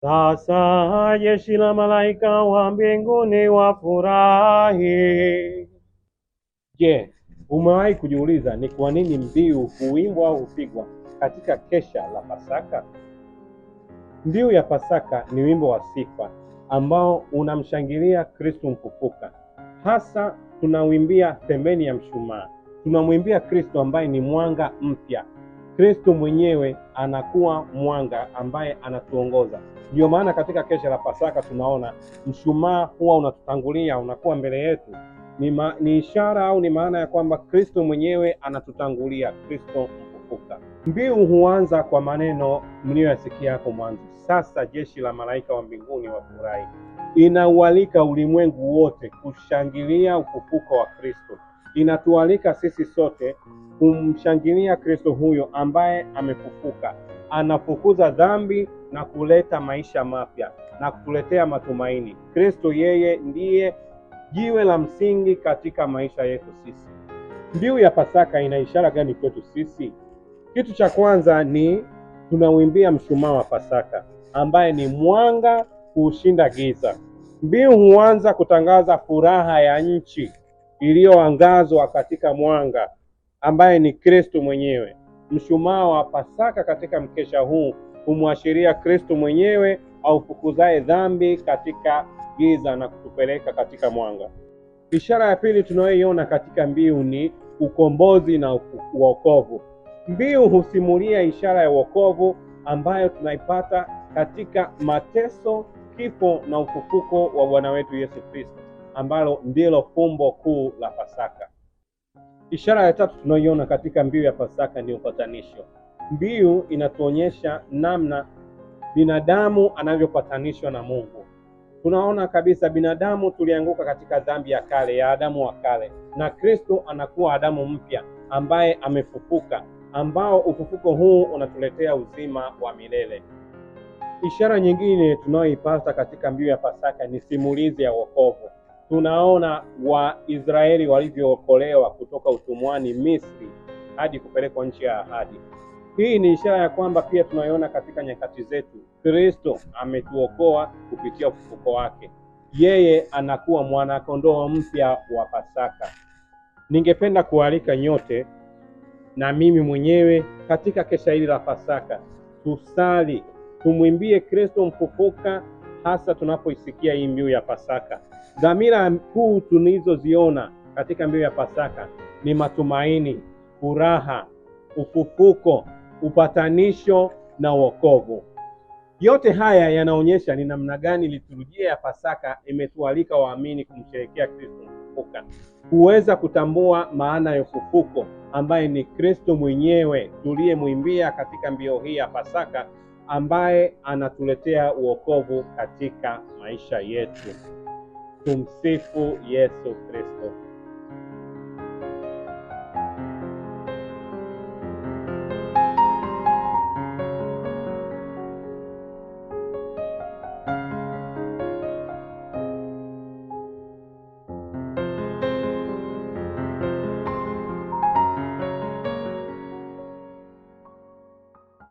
Sasa jeshi la malaika wa mbinguni wafurahi. Je, yeah, umewahi kujiuliza ni kwa nini mbiu huimbwa au hupigwa katika kesha la Pasaka? Mbiu ya Pasaka ni wimbo wa sifa ambao unamshangilia Kristo mfufuka. Hasa tunawimbia pembeni ya mshumaa, tunamwimbia Kristo ambaye ni mwanga mpya Kristo mwenyewe anakuwa mwanga ambaye anatuongoza. Ndiyo maana katika kesha la Pasaka tunaona mshumaa huwa unatutangulia, unakuwa mbele yetu. Ni, ma, ni ishara au ni maana ya kwamba Kristo mwenyewe anatutangulia, Kristo mfufuka. Mbiu huanza kwa maneno mliyoyasikia hapo mwanzo, sasa jeshi la malaika wa mbinguni wafurahi. Inaualika ulimwengu wote kushangilia ufufuko wa Kristo inatualika sisi sote kumshangilia Kristo huyo ambaye amefufuka, anafukuza dhambi na kuleta maisha mapya na kutuletea matumaini. Kristo yeye ndiye jiwe la msingi katika maisha yetu sisi. Mbiu ya Pasaka ina ishara gani kwetu sisi? Kitu cha kwanza ni tunauimbia mshumaa wa Pasaka ambaye ni mwanga kuushinda giza. Mbiu huanza kutangaza furaha ya nchi iliyoangazwa katika mwanga ambaye ni Kristo mwenyewe. Mshumaa wa Pasaka katika mkesha huu humwashiria Kristo mwenyewe aufukuzaye dhambi katika giza na kutupeleka katika mwanga. Ishara ya pili tunayoiona katika mbiu ni ukombozi na uokovu. Mbiu husimulia ishara ya uokovu ambayo tunaipata katika mateso, kifo na ufufuko wa Bwana wetu Yesu Kristo ambalo ndilo fumbo kuu la Pasaka. Ishara ya tatu tunayoiona katika mbiu ya Pasaka ni upatanisho. Mbiu inatuonyesha namna binadamu anavyopatanishwa na Mungu. Tunaona kabisa binadamu tulianguka katika dhambi ya kale ya Adamu wa kale, na Kristo anakuwa Adamu mpya ambaye amefufuka, ambao ufufuko huu unatuletea uzima wa milele. Ishara nyingine tunayoipata katika mbiu ya Pasaka ni simulizi ya wokovu tunaona Waisraeli walivyookolewa kutoka utumwani Misri hadi kupelekwa nchi ya ahadi. Hii ni ishara ya kwamba pia tunaiona katika nyakati zetu, Kristo ametuokoa kupitia ufufuko wake. Yeye anakuwa mwanakondoo mpya wa Pasaka. Ningependa kualika nyote na mimi mwenyewe katika kesha hili la Pasaka tusali, tumwimbie Kristo mfufuka hasa tunapoisikia hii mbiu ya Pasaka. Dhamira kuu tulizoziona katika mbiu ya Pasaka ni matumaini, furaha, ufufuko, upatanisho na wokovu. Yote haya yanaonyesha ni namna gani liturujia ya Pasaka imetualika waamini kumsherekea Kristo mfufuka, kuweza kutambua maana ya ufufuko ambaye ni Kristo mwenyewe tuliyemwimbia katika mbio hii ya Pasaka ambaye anatuletea uokovu katika maisha yetu. Tumsifu Yesu Kristo.